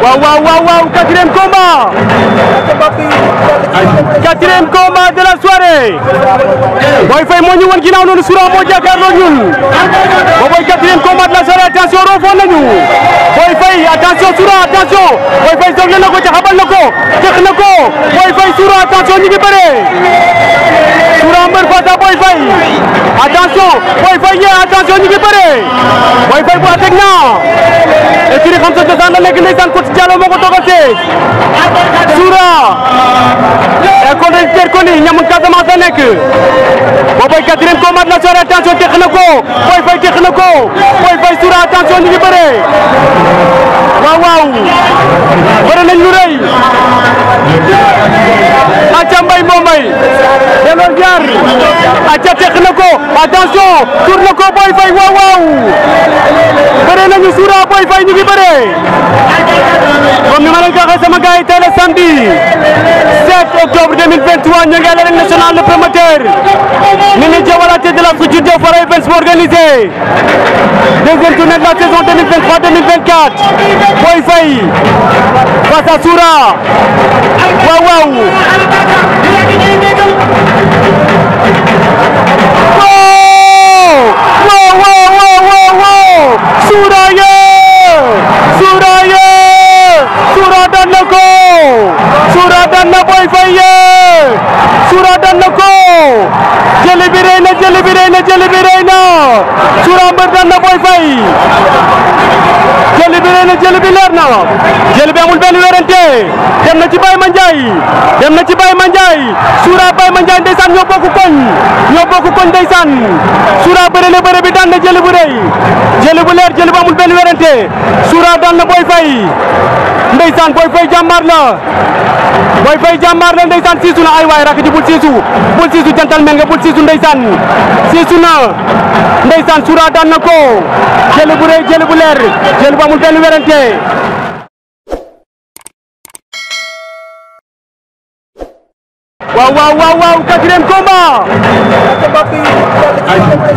waaw waaw waaw waaw quatrième combat a combat de la soirée Boy Faye moo ñu woon ginnaaw noonu Soura moo jàkkaarloo ñun ba booy quatrième combat de la soirée attention roofoon nañu Boy Faye attention Soura attention Boy Faye sogle na ko jaxabal na ko jeex na ko Boy Faye Soura attention ñu ngi bëree Soura mbër Faye Boy Faye Boy attention, n'y est pas Boy Faye pour attaquer, non Et tu les comme ça, tu as un mec qui est en coach dialogue, mon côté. Soura এখন register করি যেমন কাজে মাথা নাকি বাবাই কাতিরেন কো মাদলা চরে টেনশন টেকনো কো ওই পাই টেকনো কো ওই পাই সুরা টেনশন দিকে পারে ওয়াও ওরে নেন নুরাই attention tourne ko Boy Faye waaw nañu suura Boy Faye ñu ngi bëre comme ni ma leen ko waxee sama gars yi promoteur ñu ngi jëwal de la de Faray Events organisé la saison 2023 2024 Boy Faye face jëli bi rëy na Soura Mbër daan na Boy Faye jëli na jëli na jëli bi amul benn werante dem na ci Baye Mandiaye dem na ci bay Mandiaye Soura Baye Mandiaye ndeysaan ñoo bokk koñ ñoo bokk koñ ndeysaan Soura bëre daan na jëli bu leer jëli bu amul benn werante Soura daan na Boy Faye ndeysaan Boy Faye jàmbaar la Boy Faye jàmbaar la ndeysaan siisu na ay waay rakk ji bul siisu bul siisu gentleman nga bul siisu ndeysaan siisu na ndeysaan suura daan na ko jël bu rëy jël bu leer jël bu amul benn werante waaw waaw waaw waaw quatrième combat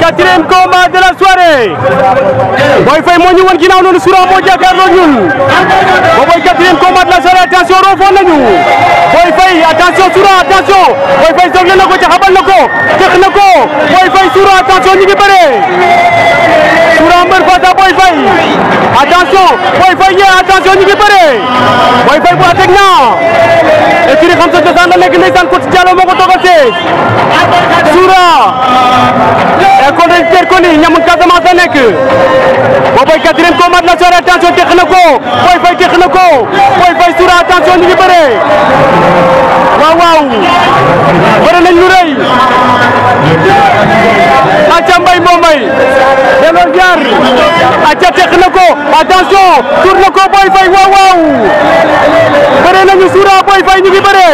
quatrième combat de la soirée Boy Faye moo ñu woon ginnaaw noonu Soura moo jàkkaarloo ñun ba mooy quatrième combat de la soirée attention roofoon nañu Boy Faye attention Soura attention Boy Faye sogle na ko ñu ngi bëre Soura mbër fata Boy Faye attention Boy Faye ñëw attention ñu ngi bëre Boy Faye bu attaque na Ekini kamsa tasanda ne kile san kuti jalo moko toko te. Sura. Ekoni terkoni nyamun kaza mata ne ke. Bobai katirim komat na sura attention tekhniko. Boy boy tekhniko. Boy boy sura attention ni bere. Wow wow. Bere ne nyurei. aca mbay moo may delloo ziar aca teq na ko attention tur nañu suura Boy ñu ngi bëre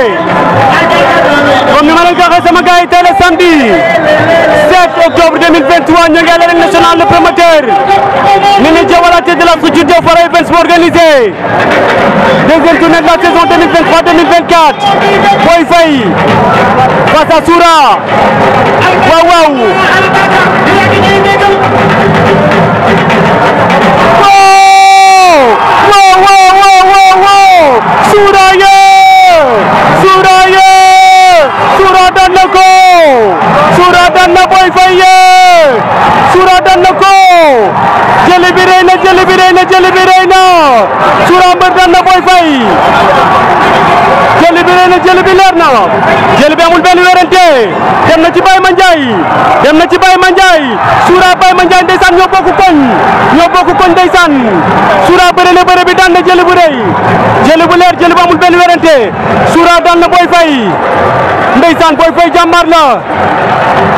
comme ni ma leen ko waxee sama gars yi tey la samedi 7 octobre promoteur Mimi Dia wala tête de la structure de Faray Events organisé deuxième tournée la saison 2023-2024 Boy jëli bi rëy na jëli bi rëy na Soura Mbeur daan na Boy Faye jëli bi rëy na jëli bi leer na jëli bi amul benn wérante dem na ci Baye Mandiaye dem na ci Baye Mandiaye Soura Baye Mandiaye ndeysaan ñoo bokk koñ ñoo bokk koñ ndeysaan Soura bëre na bëre bi daan na jëli bu rëy jëli bu leer jëli bu amul benn wérante Soura daan na Boy Faye ndeysaan Boy Faye jàmbaar la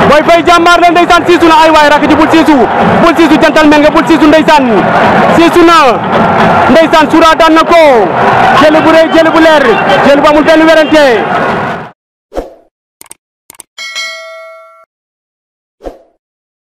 Boy Faye jàmbaar la ndeysaan siisu na ay waay rakk ji bul siisu bul siisu gentleman nga bul siisu ndeysaan siisu na ndeysaan suura daan na ko jël bu rëy jël bu leer jël mu amul benn werante